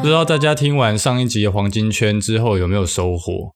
不知道大家聽完上一集的黃金圈之後有沒有收穫？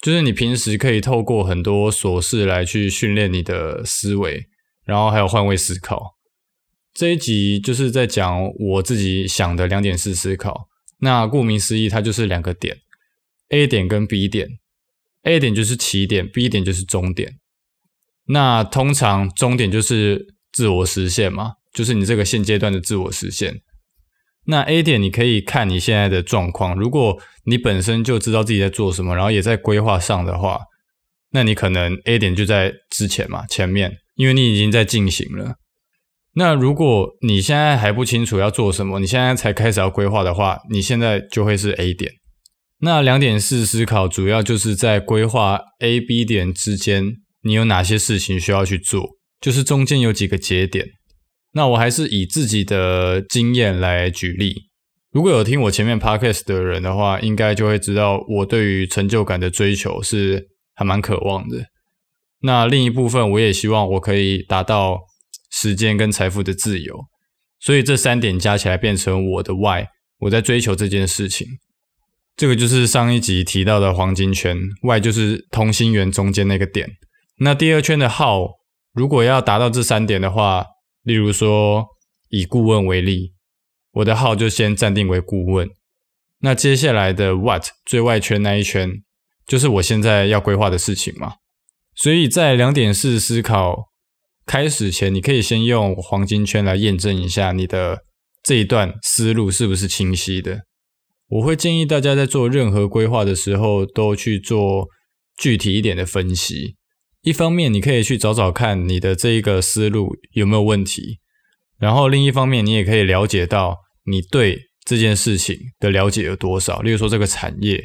就是你平時可以透過很多瑣事來去訓練你的思維，然後還有換位思考。這一集就是在講我自己想的兩點式思考。那顧名思義，它就是兩個點：A 點跟 B 點。A 點就是起點，B 點就是終點。那通常終點就是自我實現嘛，就是你這個現階段的自我實現。那 A 點你可以看你現在的狀況，如果你本身就知道自己在做什麼，然後也在規劃上的話，那你可能 A 點就在之前嘛，前面，因為你已經在進行了。那如果你現在還不清楚要做什麼，你現在才開始要規劃的話，你現在就會是 A 點。那兩點式思考，主要就是在規劃 A、B 點之間，你有哪些事情需要去做？就是中間有幾個節點。那我還是以自己的經驗來舉例。如果有聽我前面 Podcast 的人的話，應該就會知道我對於成就感的追求是還蠻渴望的。那另一部分，我也希望我可以達到時間跟財富的自由。所以這三點加起來變成我的 why，我在追求這件事情。這個就是上一集提到的黃金圈，Why 就是同心圓中間那個點。那第二圈的 How，如果要達到這三點的話，例如說以顧問為例，我的 How 就先暫定為顧問。那接下來的 What 最外圈那一圈，就是我現在要規劃的事情嘛。所以在兩點式思考開始前，你可以先用黃金圈來驗證一下你的這一段思路是不是清晰的。我會建議大家在做任何規劃的時候，都去做具體一點的分析。一方面，你可以去找找看你的這一個思路有沒有問題；然後另一方面，你也可以了解到你對這件事情的了解有多少。例如說，這個產業，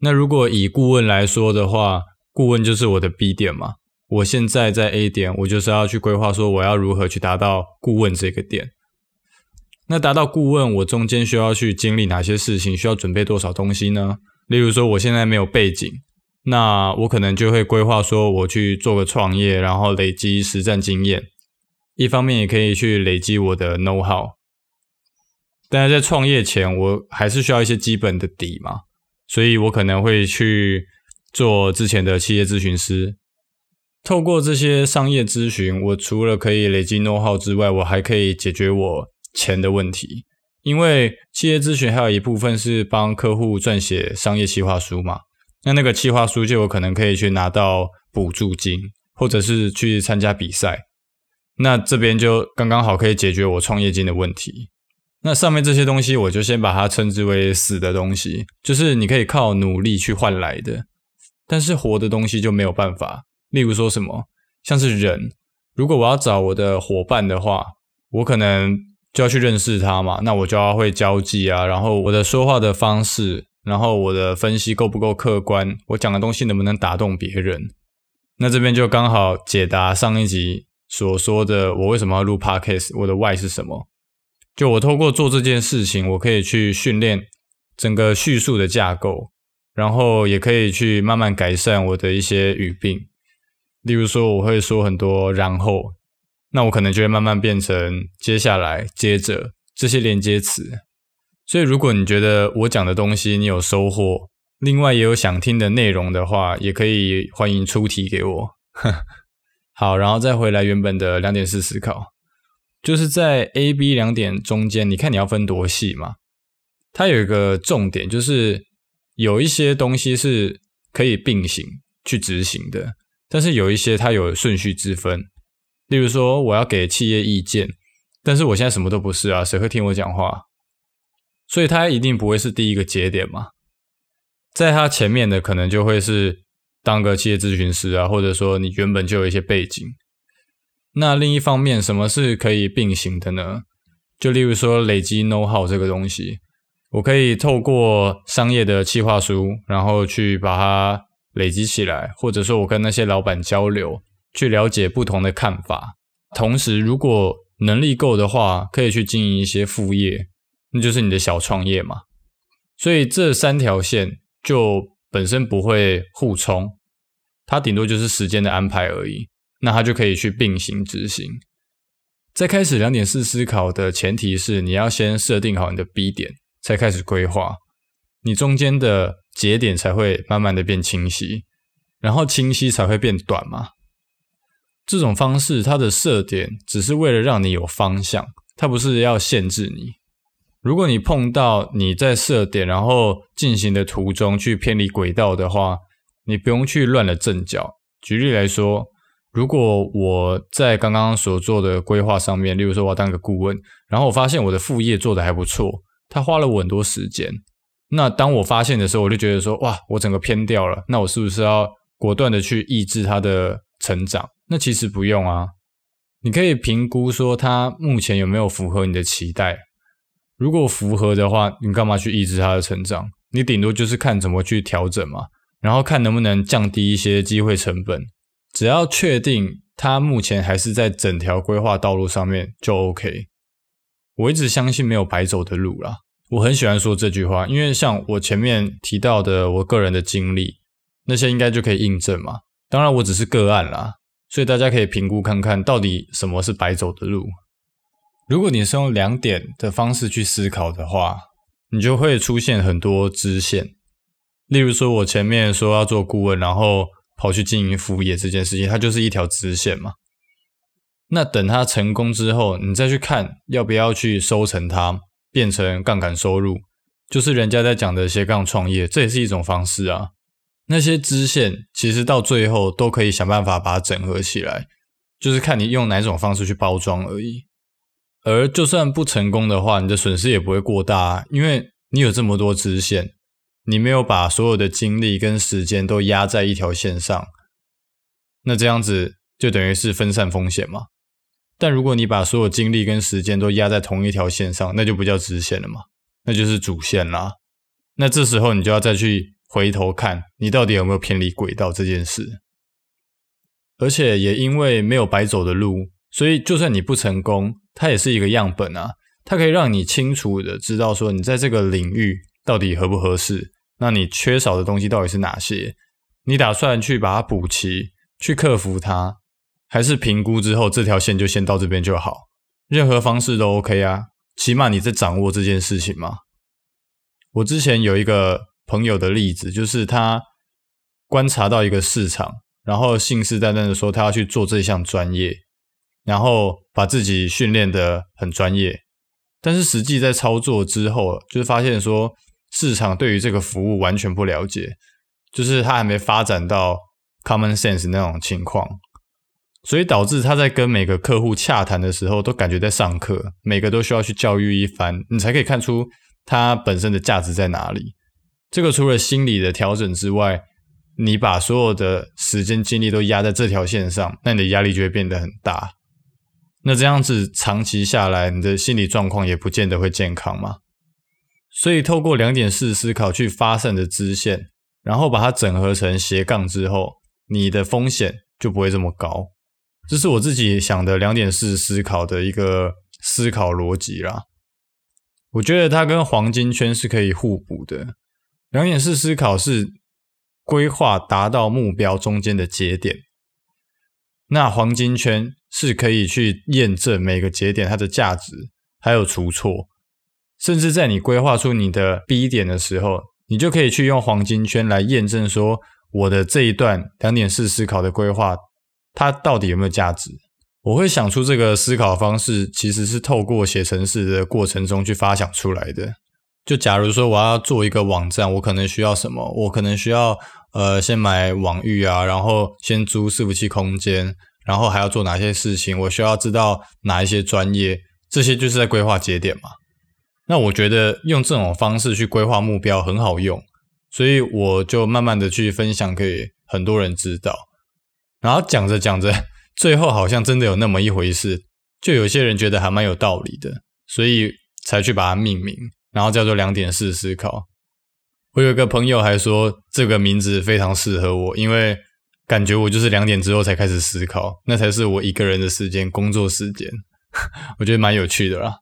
那如果以顧問來說的話，顧問就是我的 B 點嘛。我現在在 A 點，我就是要去規劃說我要如何去達到顧問這個點。那達到顧問，我中間需要去經歷哪些事情？需要準備多少東西呢？例如說，我現在沒有背景，那我可能就會規劃說，我去做個創業，然後累積實戰經驗。一方面也可以去累積我的 know how。但是在創業前，我還是需要一些基本的底嘛，所以我可能會去做之前的企業諮詢師。透過這些商業諮詢，我除了可以累積 know how 之外，我還可以解決我。錢的問題，因為企業諮詢還有一部分是幫客戶撰寫商業計劃書嘛，那那個計劃書就有可能可以去拿到補助金，或者是去參加比賽，那這邊就剛剛好可以解決我創業金的問題。那上面這些東西，我就先把它稱之為死的東西，就是你可以靠努力去換來的，但是活的東西就沒有辦法。例如說什麼，像是人，如果我要找我的夥伴的話，我可能。就要去認識他嘛，那我就要會交際啊，然後我的說話的方式，然後我的分析夠不夠客觀，我講的東西能不能打動別人？那這邊就剛好解答上一集所說的我為什麼要錄 podcast，我的 why 是什麼？就我透過做這件事情，我可以去訓練整個敘述的架構，然後也可以去慢慢改善我的一些語病，例如說我會說很多然後。那我可能就會慢慢變成接下來、接着這些連接詞。所以，如果你覺得我講的東西你有收穫，另外也有想聽的內容的話，也可以歡迎出題給我。呵呵，好，然後再回來原本的兩點式思考，就是在 A、B 兩點中間，你看你要分多細嘛？它有一個重點，就是有一些東西是可以並行去執行的，但是有一些它有順序之分。例如說，我要給企業意見，但是我現在什麼都不是啊，誰會聽我講話？所以他一定不會是第一個節點嘛，在他前面的可能就會是當個企業諮詢師啊，或者說你原本就有一些背景。那另一方面，什麼是可以並行的呢？就例如說，累積 know how 這個東西，我可以透過商業的企劃書，然後去把它累積起來，或者說，我跟那些老闆交流。去了解不同的看法，同時如果能力夠的話，可以去經營一些副業，那就是你的小創業嘛。所以這三條線就本身不會互衝，它頂多就是時間的安排而已。那它就可以去並行執行。在開始兩點式思考的前提是，你要先設定好你的 B 點，才開始規劃，你中間的節點才會慢慢的變清晰，然後清晰才會變短嘛。這種方式，它的設點只是為了讓你有方向，它不是要限制你。如果你碰到你在設點然後進行的途中去偏離軌道的話，你不用去亂了陣腳。舉例來說，如果我在剛剛所做的規劃上面，例如說我要當個顧問，然後我發現我的副業做得還不錯，他花了我很多時間。那當我發現的時候，我就覺得說，哇，我整個偏掉了。那我是不是要果斷的去抑制它的？成長？那其實不用啊，你可以評估說他目前有沒有符合你的期待。如果符合的話，你幹嘛去抑制他的成長？你頂多就是看怎麼去調整嘛，然後看能不能降低一些機會成本。只要確定他目前還是在整條規劃道路上面就 OK。我一直相信沒有白走的路啦，我很喜歡說這句話，因為像我前面提到的我個人的經歷，那些應該就可以印證嘛。當然我只是個案啦，所以大家可以評估看看到底什麼是白走的路。如果你是用兩點的方式去思考的話，你就會出現很多支線。例如說，我前面說要做顧問，然後跑去經營副業這件事情，它就是一條支線嘛。那等它成功之後，你再去看要不要去收成它，變成槓桿收入，就是人家在講的斜槓創業，這也是一種方式啊。那些支線其實到最後都可以想辦法把它整合起來，就是看你用哪種方式去包裝而已。而就算不成功的話，你的損失也不會過大啊，因為你有這麼多支線，你沒有把所有的精力跟時間都壓在一條線上，那這樣子就等於是分散風險嘛。但如果你把所有精力跟時間都壓在同一條線上，那就不叫支線了嘛，那就是主線啦。那這時候你就要再去。回頭看你到底有沒有偏離軌道這件事，而且也因為沒有白走的路，所以就算你不成功，它也是一個樣本啊。它可以讓你清楚的知道說你在這個領域到底合不合適，那你缺少的東西到底是哪些，你打算去把它補齊，去克服它，還是評估之後這條線就先到這邊就好？任何方式都 OK 啊，起碼你在掌握這件事情嘛。我之前有一個。朋友的例子就是他觀察到一個市場，然後信誓旦旦的說他要去做這項專業，然後把自己訓練的很專業，但是實際在操作之後，就是發現說市場對於這個服務完全不了解，就是他還沒發展到 common sense 那種情況，所以導致他在跟每個客戶洽談的時候都感覺在上課，每個都需要去教育一番，你才可以看出他本身的價值在哪裡。這個除了心理的調整之外，你把所有的時間精力都壓在這條線上，那你的壓力就會變得很大。那這樣子長期下來，你的心理狀況也不見得會健康嘛。所以透過兩點式思考去發散的支線，然後把它整合成斜槓之後，你的風險就不會這麼高。這是我自己想的兩點式思考的一個思考邏輯啦。我覺得它跟黃金圈是可以互補的。兩點式思考是規劃達到目標中間的節點，那黃金圈是可以去驗證每個節點它的價值，還有除錯，甚至在你規劃出你的 B 點的時候，你就可以去用黃金圈來驗證說，我的這一段兩點式思考的規劃，它到底有沒有價值？我會想出這個思考方式，其實是透過寫程式的過程中去發想出來的。就假如說我要做一個網站，我可能需要什麼？我可能需要呃先買網域啊，然後先租伺服器空間，然後還要做哪些事情？我需要知道哪一些專業？這些就是在規劃節點嘛。那我覺得用這種方式去規劃目標很好用，所以我就慢慢的去分享給很多人知道。然後講着講着，最後好像真的有那麼一回事，就有些人覺得還蠻有道理的，所以才去把它命名。然後叫做兩點式思考。我有一個朋友還說這個名字非常適合我，因為感覺我就是兩點之後才開始思考，那才是我一個人的時間，工作時間， 我覺得蠻有趣的啦。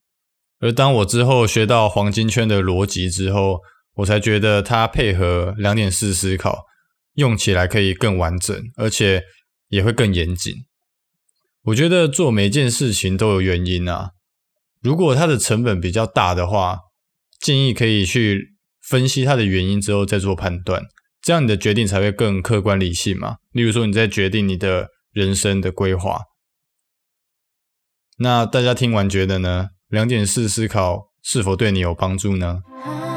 而當我之後學到黃金圈的邏輯之後，我才覺得它配合兩點式思考用起來可以更完整，而且也會更嚴謹。我覺得做每件事情都有原因啊，如果它的成本比較大的話。建議可以去分析它的原因之後再做判斷，這樣你的決定才會更客觀理性嘛。例如說你在決定你的人生的規劃，那大家聽完覺得呢？兩點式思考是否對你有幫助呢？嗯。